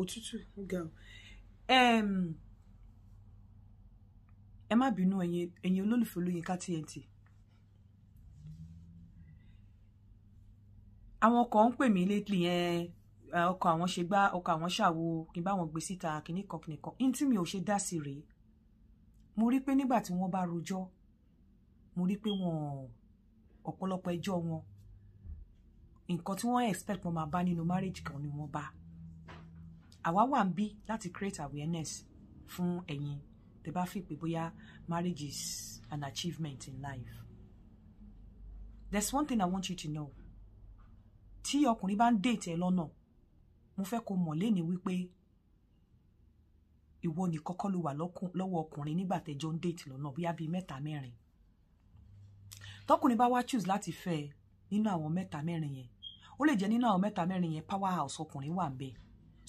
òtútù girl, ga ọ ẹ má bínú ẹ̀yin olólùfẹ́ Olóyinka TNT àwọn kan ń pè mí lately yẹn ọkọ àwọn ṣe gbá ọkọ àwọn ṣàwo kí n bá wọn gbé síta kìíní kan kìíní kan ní tí mi ò ṣe dá sí rèé mo rí pé nígbà tí wọ́n bá rojọ́ mo rí pé wọ́n ọ̀pọ̀lọpọ̀ ẹjọ́ wọn nǹkan tí wọ́n expect wọn máa bá nínú marriage kan ni wọ́n bá àwa wà ń bí láti create awareness fún ẹ̀yin tẹ́ bá fi pé bóyá marriage is an achievement in life there's one thing I want you to know tí ọkùnrin bá ń date ẹ lọ́nà mo fẹ́ kó mọ̀ léni wípé ìwọ nìkan kọ́ ló wà lọ́wọ́ ọkùnrin nígbà tẹ́jọ́ ń date lọ́nà bóyá bíi mẹ́ta mẹ́rin tọkùnrin bá wá choose láti fẹ́ ẹ nínú àwọn mẹ́ta mẹ́rin yẹn ó lè jẹ́ nínú àwọn mẹ́ta mẹ́rin yẹn power house ọkùnrin wà ń bẹ́ẹ̀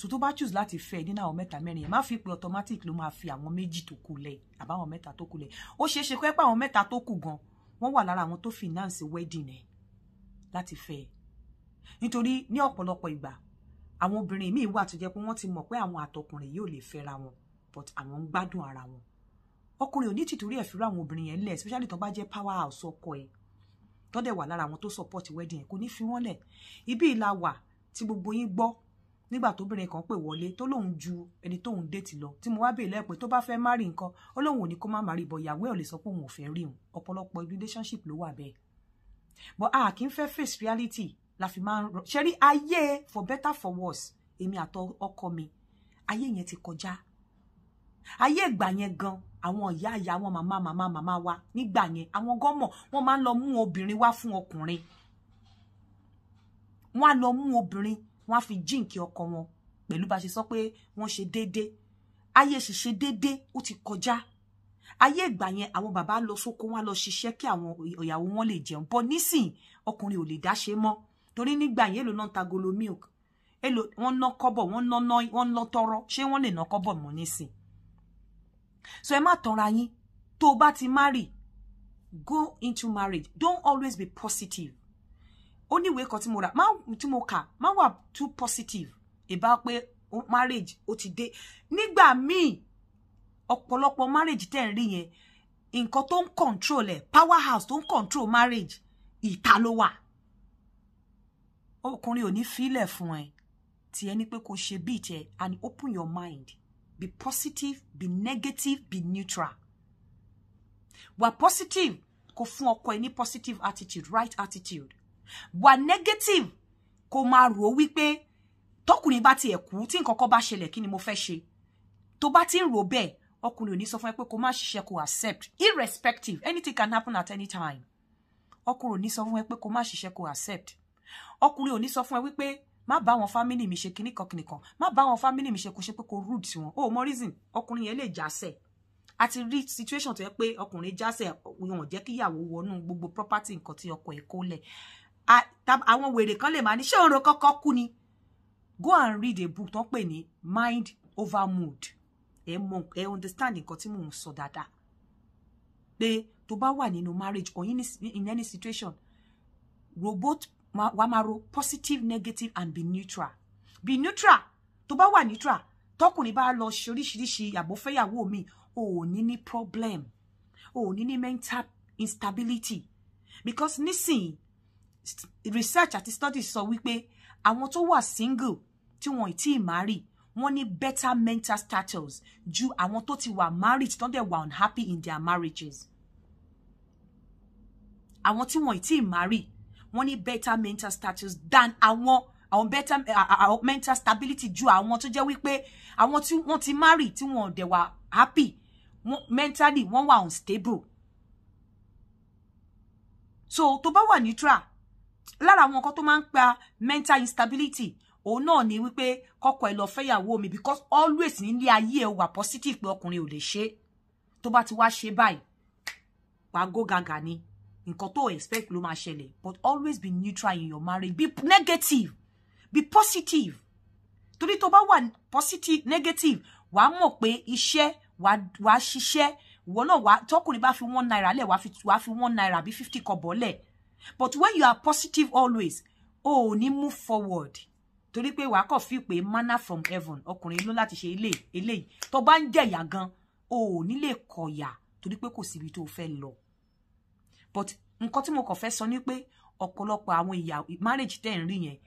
so tó bá choose láti fẹ́ nínú àwọn mẹ́ta mẹ́rin yẹn má fi pé automatic ló máa fi àwọn méjì tó kù lẹ̀ àbáwọn mẹ́ta tó kù lẹ̀ ó ṣeé ṣe pé àwọn mẹ́ta tó kù gan wọ́n wà lára àwọn tó finance wedding ẹ̀ láti fẹ́ nítorí ní ọ̀pọ̀lọpọ̀ ìgbà àwọn obìnrin míì wà tó jẹ́ pé wọ́n ti mọ̀ pé àwọn àtọkùnrin yóò lè fẹ́ra wọn but àwọn ń gbádùn ara wọn ọkùnrin ò ní tìtorí ẹ̀ fúra àwọn obìnrin yẹn lẹ̀ especially tó bá jẹ́ power house ọkọ ẹ̀ tọ́dẹ̀ wà lára àwọn tó support wedding ẹ̀ kò ní fi wọ́n lẹ̀ ibi ìlà wà tí gbogbo yín gbọ́ nígbà tóbìnrin kan pè wọlé tó lóun ju ẹni tóun déètì lọ tí mo wá bèèrè lẹ́pẹ́ tó bá fẹ́ márì nǹkan ó lóun ò ní kó má márì bọ̀ ìyàwó ẹ̀ ò lè sọ pé òun ò fẹ́ rí òun ọ̀pọ̀lọpọ̀ relationship ló wà bẹ́ẹ̀ but a kì í fẹ́ face reality la fi máa ń rọ ṣe rí ayé for better for worse èmi àtọ ọkọ mi ayé yẹn ti kọjá ayé ìgbà yẹn gan àwọn ìyá ìyá wọn màmá màmá màmá wa nígbà yẹn àwọn gọmọ wọn máa ń lọ mú obìnrin wá fún ọkùnrin wọn á lọ mú obìnrin wọ́n fi jíǹkì ọkọ wọn pẹ̀lú bá ṣe sọ pé wọ́n ṣe déédé ayé ṣìṣe déédé ó ti kọjá ayé ìgbà yẹn àwọn bàbá lọ sóko wọn lọ ṣiṣẹ́ kí àwọn ìyàwó wọn lè jẹun bọ́ nísìn ọkùnrin ò lè dá ṣe torí nígbà yẹn èlò náà ta golo milk èlò wọn ná kọ́bọ̀ wọn ná ná wọn ná tọrọ ṣé wọ́n lè ná kọ́bọ̀ mọ́ nísìn so ẹ má tanra yín tó o bá ti marry go into marriage don't always be positive Only way ìwé kan tí mo rà ma tí mo kà má wà too positive about pé marriage ó ti dé nígbà míì ọ̀pọ̀lọpọ̀ marriage tẹ̀ ń rí yẹn nǹkan tó ń control ẹ̀ power house control marriage ìta ló wà ọkùnrin ò ní fílẹ̀ fún ẹ tí ẹni pé kò ṣe bíi and open your mind be positive be negative be neutral wà positive kò fún ọkọ ẹ positive attitude right attitude wà negative kó máa rò ó wípé tọkùnrin bá tiẹ̀ kú tí nǹkan kan bá ṣẹlẹ̀ kí ni mo fẹ́ ṣe tó bá ti ń rò bẹ́ẹ̀ ọkùnrin ò ní sọ fún ẹ pé kó accept irrespective anything can happen at any time ọkùnrin ò ní sọ fún ẹ pé kó má accept ọkùnrin ò ní sọ fún ẹ wípé má bá wọn fámìlì mi ṣe kini kan kíní kan ma ba wọn fámìlì mi ṣe kó ṣe pé kó rude sí wọn o mọ reason ọkùnrin yẹn lè jásẹ̀ a ti situation to yẹ pé ọkùnrin jásẹ̀ wọn ò jẹ́ kíyàwó wọnú gbogbo property nǹkan tí ọkọ ẹ̀ kó lẹ̀ àwọn wèrè kan lè máa ní ṣé òun ro kọ́kọ́ kú ni go and read a book tó ń pè ní mind over mood ẹ mọ ẹ understand nǹkan tí mò ń sọ dáadáa pé tó bá wà nínú marriage or in, in any situation robot wa máa ro positive negative and be neutral be neutral tó bá wà neutral tọkùnrin bá lọ ṣoríṣiríṣi àbófẹ́yàwó mi ò ní ní problem ò ní ní mental instability because nísìnyí research àti studies sọ wípé àwọn tó wà single tí wọn ì marry wọn ní better mental status ju àwọn tó ti wà married tó ń dẹ̀ unhappy in their marriages àwọn tí wọn ì marry wọn ní better mental status than àwọn àwọn better àwọn mental stability ju àwọn tó jẹ́ wípé àwọn tí wọ́n ti marry tí wọ́n dẹ̀ wà happy mentally wọ́n wà unstable so tó bá wà neutral lára àwọn nǹkan tó máa ń pa mental instability òun náà ni wípé kọ́kọ́ ẹ lọ fẹ́yàwó mi because always nílé ayé ẹ wà positive pé ọkùnrin ò lè ṣe tó bá ti wá ṣe báyìí wàá gó gàgà ni nǹkan tó expect ló máa ṣẹlẹ̀ but always be neutral in your marriage be negative be positive torí tó bá wà positive negative wàá mọ̀ pé iṣẹ́ wàá ṣiṣẹ́ ìwọ náà wàá tọkùnrin bá fi one naira lẹ̀ wàá fi one naira bí fifty kọ́bọ̀ lẹ̀ but when you are positive always oh, ò move forward torí pé wàá fi pé manna from heaven ọkùnrin ló láti ṣe eléyìí eléyìí tó bá ń jẹ̀yà gan o ò ní lè kọ̀yà torí pé kò síbi tó fẹ́ but nǹkan tí mo kàn fẹ́ sọ ni pé ọ̀pọ̀lọpọ̀ àwọn ìyá marriage tẹ̀ ń rí yẹn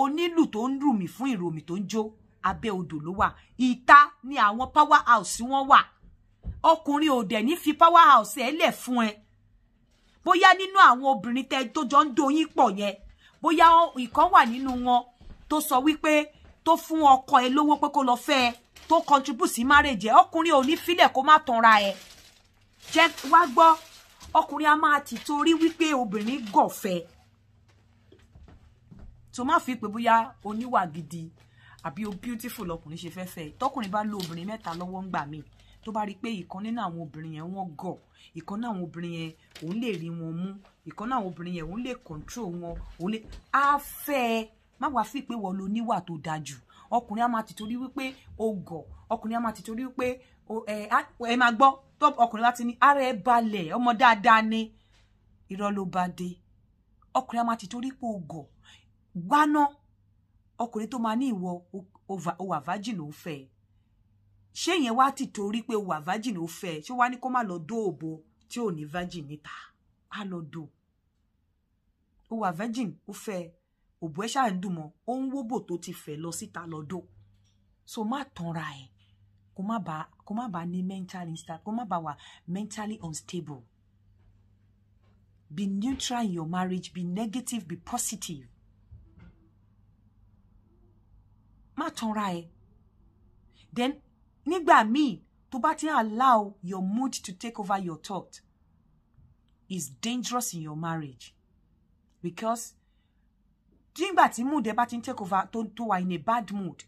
onílù tó ń rù mí fún ìròmì tó ń jó abẹ́ odò ni àwọn power house wọn wa. ọkùnrin ò dẹ̀ ní fi power house ẹ̀ lẹ̀ fún ẹ bóyá nínú àwọn obìnrin tẹ tó jọ ń doyín pọ̀ yẹn bóyá ìkan wà nínú wọn tó sọ wípé tó fún ọkọ ẹ lówó pé kó lọ fẹ́ ẹ tó contribute sí marriage ẹ ọkùnrin ò ní filẹ̀ kó má tanra ẹ jẹ́ wá gbọ́ ọkùnrin a máa tì torí wípé obìnrin gọ̀fẹ́ tó má fi pé bóyá oníwà gidi àbí o beautiful ọkùnrin ṣe fẹ́ fẹ́ tọkùnrin bá lo obìnrin mẹ́ta lọ́wọ́ ń gbà míì tó bá rí i pé ìkan nínú àwọn obìnrin yẹn wọ́n gọ̀ ìkan nínú àwọn obìnrin yẹn òun lè rí wọn mú ìkan nínú àwọn obìnrin yẹn òun lè control wọn òun lè á fẹ́ ẹ má wàá fi pé wọ́n lo níwà tó dáa jù ọkùnrin á máa ti torí wípé o gọ̀ ọkùnrin á máa ti torí wípé ẹ máa gbọ́ tó ọkùnrin bá ti ní ara ẹ balẹ̀ ọmọ dáadáa ni irọ́ ló bá dé ọkùnrin á máa ti pé o gọ̀ gbaná ọkùnrin tó máa ní ìwọ over virgin ló fẹ́ ẹ ṣé yẹn wá ti torí pé wà virgin ó fẹ́ ṣé wá ní kó má lọ dó òbo tí ò ní virgin níta á lọ dó ó wà virgin ó fẹ́ òbò ẹ̀ ṣáà ń dùn mọ́ ó ń wóbò tó ti fẹ́ lọ síta lọ dó so má tanra ẹ̀ kó má ba kó má bàa ní mental instability kó má bàa wà mentally unstable be neutral in your marriage be negative be positive má tanra ẹ̀ then nígbà míì tó bá ti allow your mood to take over your thought is dangerous in your marriage because nígbà tí mood ẹ bá ti ń take over tó tó wà in a bad mood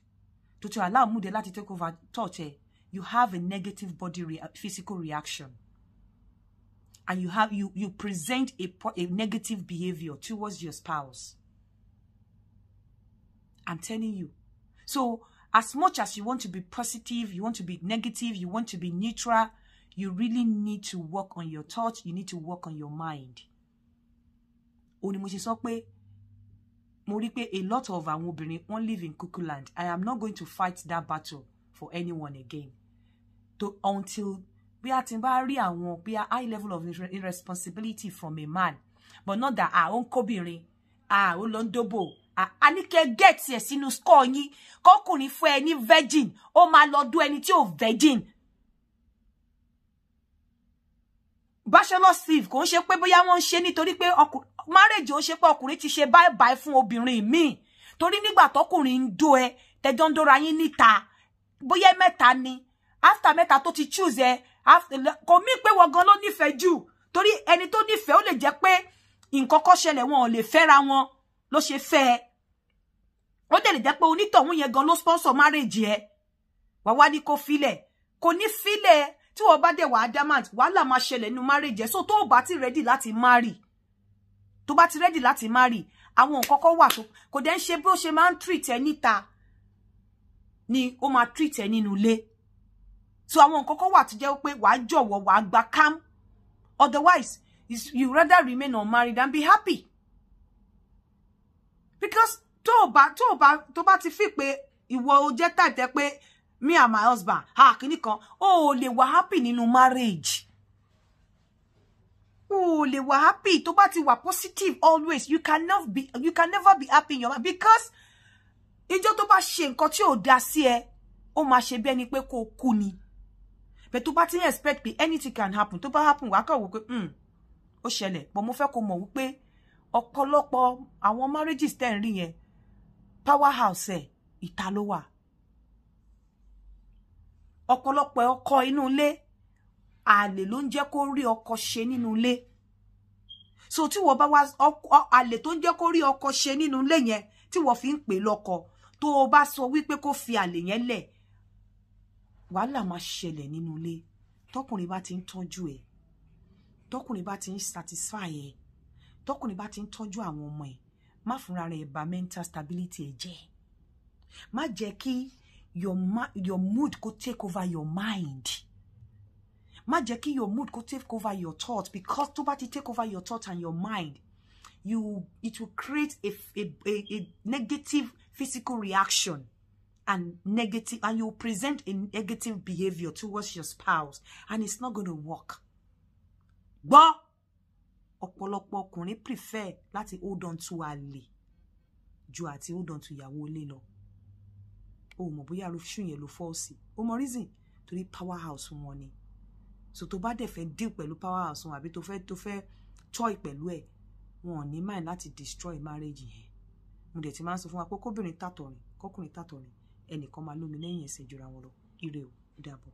tó ti allow mood ẹ láti take over thought ẹ you have a negative body re physical reaction and you have you you present a, a negative behavior towards your spouse i'm telling you so as much as you want to be positive, you want to be negative, you want to be neutral, you really need to work on your thoughts, you need to work on your mind. Ó ní mo ṣe sọ a lot of àwọn obìnrin wọ́n live in cuckoo land. I am not going to fight that battle for anyone again. To until bí a ti bá rí àwọn bí a high level of irresponsibility from a man but not that a ah, ó ń kóbìnrin a ah, ó lọ ń dóbò Ah, a ní kẹ́ gẹ̀ẹ́tì ẹ̀ sínú score yín kọkùnrin fún ẹ ní virgin o máa lọ dún ẹni tí ò virgin. bachelor sleeve kò ń ṣe pé bóyá wọ́n ń ṣe marriage o ṣe pé ọkùnrin ti ṣe bye bye fún obìnrin míì torí nígbà tọkùnrin ń dó ẹ tẹjọ ń dóra yín níta bóyá mẹ́ta ni after mẹ́ta tó ti choose ẹ kò mí pé wọ́n gan ló nífẹ̀ẹ́ jù torí ẹni tó nífẹ̀ẹ́ ó lè jẹ́ pé nǹkan kan ṣẹlẹ̀ wọn ò lè fẹ́ra wọn ló ṣe fẹ́ ẹ ó dẹ̀ lè jẹ́ pé onítọ̀hún yẹn gan ló sponsor marriage ẹ wà wá ní kó filẹ̀ kò ní filẹ̀ tí wọ́n bá dẹ̀ wà adamant wàhálà máa ṣẹlẹ̀ nínú marriage ẹ so tó o ti ready lati marry tó bá ti ready lati marry àwọn nǹkan kan wà tó kò dẹ̀ ń ṣe bí ó treat enita. ni ó máa treat ẹ nínú ilé so àwọn nǹkan kan wà tó pe wa wàá wa wàá gba cam. otherwise you rather remain unmarried than be happy because tó bá tó bá tó bá ti fi pé ìwọ o jẹ́ tàìtẹ́ pé me and my husband ah kìíní kan o ò lè wà happy nínú marriage o ò lè wà happy tó bá ti wà positive always you can never be you can never be happy in your mind because ìjọ́ tó bá ṣe nǹkan tí ò dá sí ẹ ó máa ṣe bẹ́ẹ̀ ni pé kó kú ni bẹ́ẹ̀ tó bá ti ń expect pé anything can happen tó bá happen wàá kàn wò pé hmm, ó ṣẹlẹ̀ but mo fẹ́ kó mọ̀ wípé ọ̀pọ̀lọpọ̀ àwọn marriages tẹ̀ ń rí yẹn Powerhouse house ẹ̀ ìta ló wà ọ̀pọ̀lọpọ̀ ọkọ inú ilé àlè ló ń jẹ́ kó rí ọkọ ṣe nínú ilé so tí wọ́n bá wá àlè tó ń jẹ́ kó rí ọkọ ṣe nínú ilé yẹn tí wọ́n fi ń pè lọ́kọ tó o bá sọ wípé kó fi àlè yẹn lẹ̀ wàhálà máa ṣẹlẹ̀ nínú ilé tọkùnrin bá ti ń tọ́jú ẹ̀ tọkùnrin bá ti ń satisfy ẹ̀ tọkùnrin bá ti ń tọ́jú àwọn ọmọ ẹ̀ má fúnra rẹ̀ bà mental stability ẹ̀ jẹ́ má jẹ́ kí your, your mood go take over your mind má jẹ́ kí your mood go take over your thought because tó bá ti take over your thought and your mind you it will create a, a, a, a negative physical reaction and negative and you present a negative behavior towards your spouse and it's not going to work. But ọ̀pọ̀lọpọ̀ ọkùnrin prefer láti hold on to àlè ju àti hold on to ìyàwó ilé lọ o mọ̀ bóyá arúfṣù yẹn ló fọ́ọ̀sì o mọ reason torí power house wọn ni so tó bá dẹ̀ fẹ́ deal pẹ̀lú power house wọn àbí tó fẹ́ tó fẹ́ toy pẹ̀lú ẹ̀ wọn ò ní mind láti destroy marriage yẹn mo dẹ̀ ti máa ń sọ fún wa pé kóbìnrin tàtọ̀rìn kọkùnrin tàtọ̀rìn ẹnìkan máa lómi lẹ́yìn ẹsẹ̀ jura wọn lọ ire o dàbọ̀.